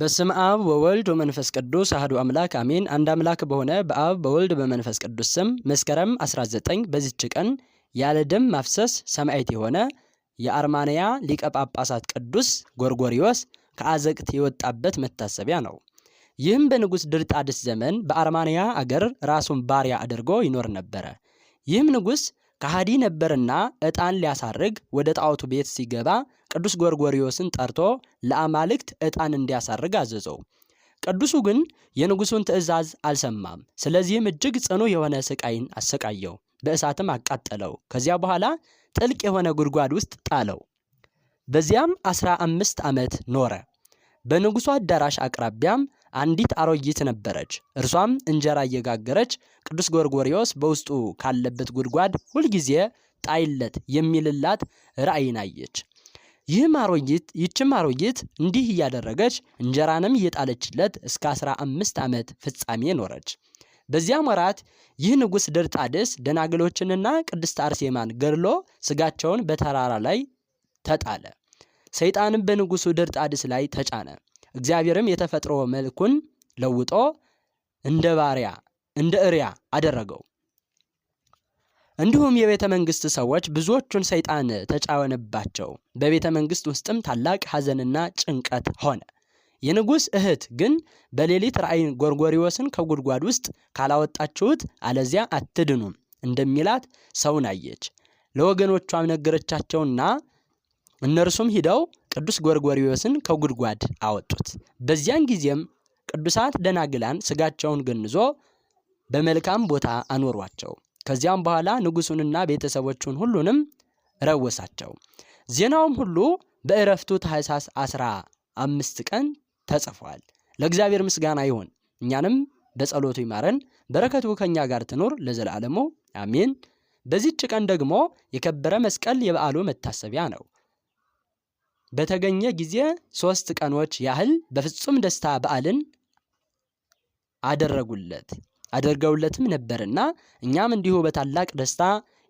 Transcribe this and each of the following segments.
በስም አብ ወወልድ ወመንፈስ ቅዱስ አህዱ አምላክ አሜን። አንድ አምላክ በሆነ በአብ በወልድ በመንፈስ ቅዱስ ስም መስከረም 19 በዚች ቀን ያለ ደም ማፍሰስ ሰማዕት የሆነ የአርማንያ ሊቀ ጳጳሳት ቅዱስ ጎርጎሪዮስ ከአዘቅት የወጣበት መታሰቢያ ነው። ይህም በንጉሥ ድርጣድስ ዘመን በአርማንያ አገር ራሱን ባሪያ አድርጎ ይኖር ነበረ። ይህም ንጉሥ ከሃዲ ነበርና ዕጣን ሊያሳርግ ወደ ጣዖቱ ቤት ሲገባ ቅዱስ ጎርጎሪዎስን ጠርቶ ለአማልክት ዕጣን እንዲያሳርግ አዘዘው። ቅዱሱ ግን የንጉሱን ትእዛዝ አልሰማም። ስለዚህም እጅግ ጽኑ የሆነ ስቃይን አሰቃየው፣ በእሳትም አቃጠለው። ከዚያ በኋላ ጥልቅ የሆነ ጉድጓድ ውስጥ ጣለው። በዚያም አስራ አምስት ዓመት ኖረ። በንጉሱ አዳራሽ አቅራቢያም አንዲት አሮጊት ነበረች። እርሷም እንጀራ እየጋገረች ቅዱስ ጎርጎሪዎስ በውስጡ ካለበት ጉድጓድ ሁልጊዜ ጣይለት የሚልላት ራእይን አየች። ይህም አሮጊት ይህችም አሮጊት እንዲህ እያደረገች እንጀራንም እየጣለችለት እስከ አስራ አምስት ዓመት ፍጻሜ ኖረች። በዚያም ወራት ይህ ንጉሥ ድርጣድስ ደናግሎችንና ቅድስት አርሴማን ገድሎ ስጋቸውን በተራራ ላይ ተጣለ። ሰይጣንም በንጉሡ ድርጣድስ ላይ ተጫነ። እግዚአብሔርም የተፈጥሮ መልኩን ለውጦ እንደ ባሪያ እንደ እሪያ አደረገው። እንዲሁም የቤተ መንግስት ሰዎች ብዙዎቹን ሰይጣን ተጫወነባቸው። በቤተ መንግስት ውስጥም ታላቅ ሐዘንና ጭንቀት ሆነ። የንጉሥ እህት ግን በሌሊት ራእይ ጎርጎሪዎስን ከጉድጓድ ውስጥ ካላወጣችሁት አለዚያ አትድኑም እንደሚላት ሰውን አየች። ለወገኖቿም ነገረቻቸውና እነርሱም ሂደው ቅዱስ ጎርጎሪዎስን ከጉድጓድ አወጡት። በዚያን ጊዜም ቅዱሳት ደናግላን ስጋቸውን ገንዞ በመልካም ቦታ አኖሯቸው። ከዚያም በኋላ ንጉሱንና ቤተሰቦቹን ሁሉንም ረወሳቸው። ዜናውም ሁሉ በእረፍቱ ታኅሳስ አስራ አምስት ቀን ተጽፏል። ለእግዚአብሔር ምስጋና ይሁን፣ እኛንም በጸሎቱ ይማረን፣ በረከቱ ከእኛ ጋር ትኖር ለዘላለሙ አሜን። በዚች ቀን ደግሞ የከበረ መስቀል የበዓሉ መታሰቢያ ነው። በተገኘ ጊዜ ሶስት ቀኖች ያህል በፍጹም ደስታ በዓልን አደረጉለት። አድርገውለትም ነበርና እኛም እንዲሁ በታላቅ ደስታ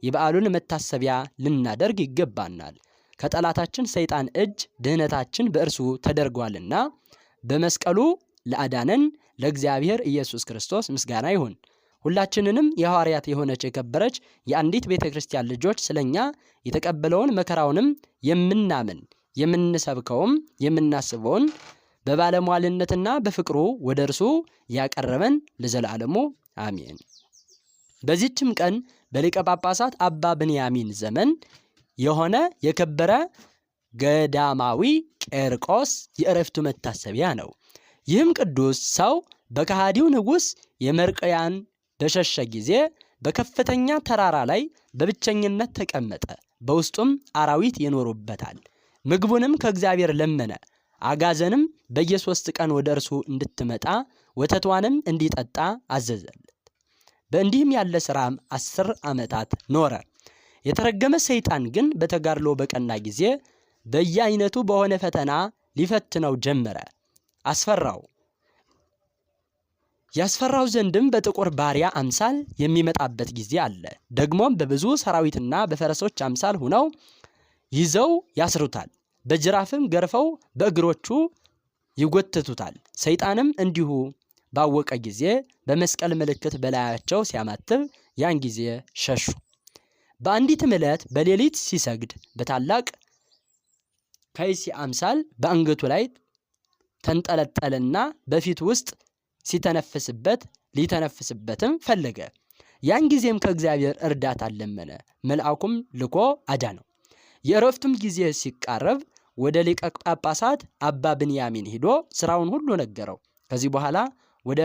የበዓሉን መታሰቢያ ልናደርግ ይገባናል። ከጠላታችን ሰይጣን እጅ ድህነታችን በእርሱ ተደርጓልና በመስቀሉ ለአዳነን ለእግዚአብሔር ኢየሱስ ክርስቶስ ምስጋና ይሁን። ሁላችንንም የሐዋርያት የሆነች የከበረች የአንዲት ቤተ ክርስቲያን ልጆች ስለኛ የተቀበለውን መከራውንም የምናምን የምንሰብከውም የምናስበውን በባለሟልነትና በፍቅሩ ወደ እርሱ ያቀረበን ለዘላለሙ አሜን። በዚህችም ቀን በሊቀ ጳጳሳት አባ ብንያሚን ዘመን የሆነ የከበረ ገዳማዊ ቄርቆስ የእረፍቱ መታሰቢያ ነው። ይህም ቅዱስ ሰው በከሃዲው ንጉሥ የመርቀያን በሸሸ ጊዜ በከፍተኛ ተራራ ላይ በብቸኝነት ተቀመጠ። በውስጡም አራዊት ይኖሩበታል። ምግቡንም ከእግዚአብሔር ለመነ። አጋዘንም በየሶስት ቀን ወደ እርሱ እንድትመጣ ወተቷንም እንዲጠጣ አዘዘለት። በእንዲህም ያለ ስራም አስር ዓመታት ኖረ። የተረገመ ሰይጣን ግን በተጋድሎ በቀና ጊዜ በየአይነቱ በሆነ ፈተና ሊፈትነው ጀመረ። አስፈራው። ያስፈራው ዘንድም በጥቁር ባሪያ አምሳል የሚመጣበት ጊዜ አለ። ደግሞም በብዙ ሰራዊትና በፈረሶች አምሳል ሁነው ይዘው ያስሩታል። በጅራፍም ገርፈው በእግሮቹ ይጎትቱታል። ሰይጣንም እንዲሁ ባወቀ ጊዜ በመስቀል ምልክት በላያቸው ሲያማትብ ያን ጊዜ ሸሹ። በአንዲትም ዕለት በሌሊት ሲሰግድ በታላቅ ከይሲ አምሳል በአንገቱ ላይ ተንጠለጠለና በፊት ውስጥ ሲተነፍስበት ሊተነፍስበትም ፈለገ። ያን ጊዜም ከእግዚአብሔር እርዳታ ለመነ። መልአኩም ልኮ አዳነው። የእረፍቱም ጊዜ ሲቃረብ ወደ ሊቀ ጳጳሳት አባ ብንያሚን ሂዶ ስራውን ሁሉ ነገረው። ከዚህ በኋላ ወደ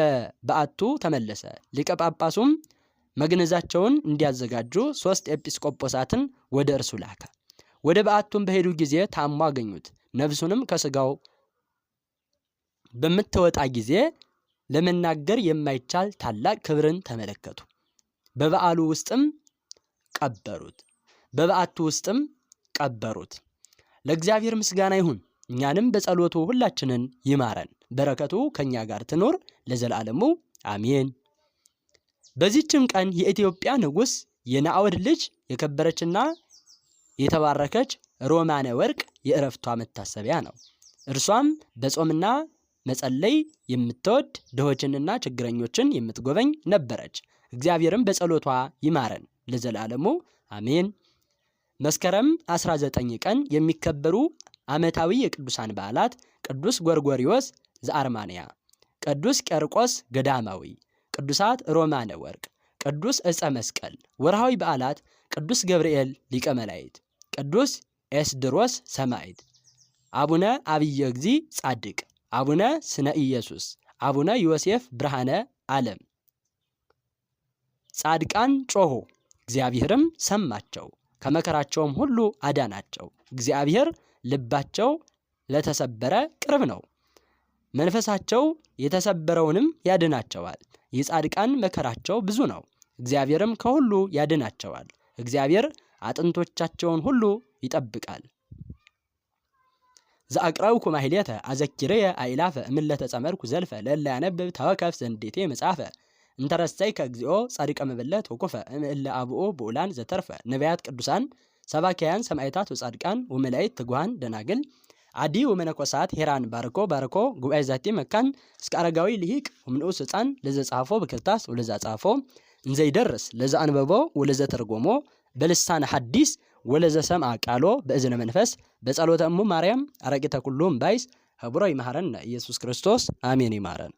በዓቱ ተመለሰ። ሊቀ ጳጳሱም መግነዛቸውን እንዲያዘጋጁ ሶስት ኤጲስቆጶሳትን ወደ እርሱ ላከ። ወደ በዓቱም በሄዱ ጊዜ ታሞ አገኙት። ነፍሱንም ከስጋው በምትወጣ ጊዜ ለመናገር የማይቻል ታላቅ ክብርን ተመለከቱ። በበዓሉ ውስጥም ቀበሩት። በበዓቱ ውስጥም ቀበሩት። ለእግዚአብሔር ምስጋና ይሁን። እኛንም በጸሎቱ ሁላችንን ይማረን። በረከቱ ከእኛ ጋር ትኖር ለዘላለሙ አሜን። በዚችም ቀን የኢትዮጵያ ንጉሥ የናዖድ ልጅ የከበረችና የተባረከች ሮማነ ወርቅ የእረፍቷ መታሰቢያ ነው። እርሷም በጾምና መጸለይ የምትወድ ድሆችንና ችግረኞችን የምትጎበኝ ነበረች። እግዚአብሔርም በጸሎቷ ይማረን ለዘላለሙ አሜን። መስከረም 19 ቀን የሚከበሩ ዓመታዊ የቅዱሳን በዓላት ቅዱስ ጎርጎሪዎስ ዘአርማንያ፣ ቅዱስ ቄርቆስ ገዳማዊ፣ ቅዱሳት ሮማነ ወርቅ፣ ቅዱስ ዕፀ መስቀል። ወርሃዊ በዓላት ቅዱስ ገብርኤል ሊቀ መላእክት፣ ቅዱስ ኤስድሮስ ሰማዕት፣ አቡነ አብየ እግዚ ጻድቅ፣ አቡነ ስነ ኢየሱስ፣ አቡነ ዮሴፍ ብርሃነ ዓለም። ጻድቃን ጮሆ እግዚአብሔርም ሰማቸው። ከመከራቸውም ሁሉ አዳናቸው። እግዚአብሔር ልባቸው ለተሰበረ ቅርብ ነው፣ መንፈሳቸው የተሰበረውንም ያድናቸዋል። የጻድቃን መከራቸው ብዙ ነው፣ እግዚአብሔርም ከሁሉ ያድናቸዋል። እግዚአብሔር አጥንቶቻቸውን ሁሉ ይጠብቃል። ዘአቅረብኩ ማሕሌተ አዘኪርየ አእላፈ እምለተጸመርኩ ዘልፈ ለላ ያነብብ ተወከፍ ዘንዴቴ መጻፈ እንተረሰይከ ከእግዚኦ ጻድቀ መበለ ወኮፈ እምእለ አብኦ ብኡላን ዘተርፈ ነቢያት ቅዱሳን ሰባኪያን ሰማይታት ወጻድቃን ወመላእክት ትጉሃን ደናግል አዲ ወመነኮሳት ሄራን ባርኮ ባርኮ ጉባኤ ዛቲ መካን እስከ አረጋዊ ልሂቅ ወምንኡስ ህፃን ለዘጻፎ በክርታስ ወለዛ ጻፎ እንዘይደርስ ለዛ ወለዘተርጎሞ በልሳን ሐዲስ ወለዘ ሰምዓ ቃሎ በእዝነ መንፈስ በጸሎተ እሙ ማርያም አረቂተ ኩሉ እምባይስ ህቡረ ይመሃረን ኢየሱስ ክርስቶስ አሜን ይማረን።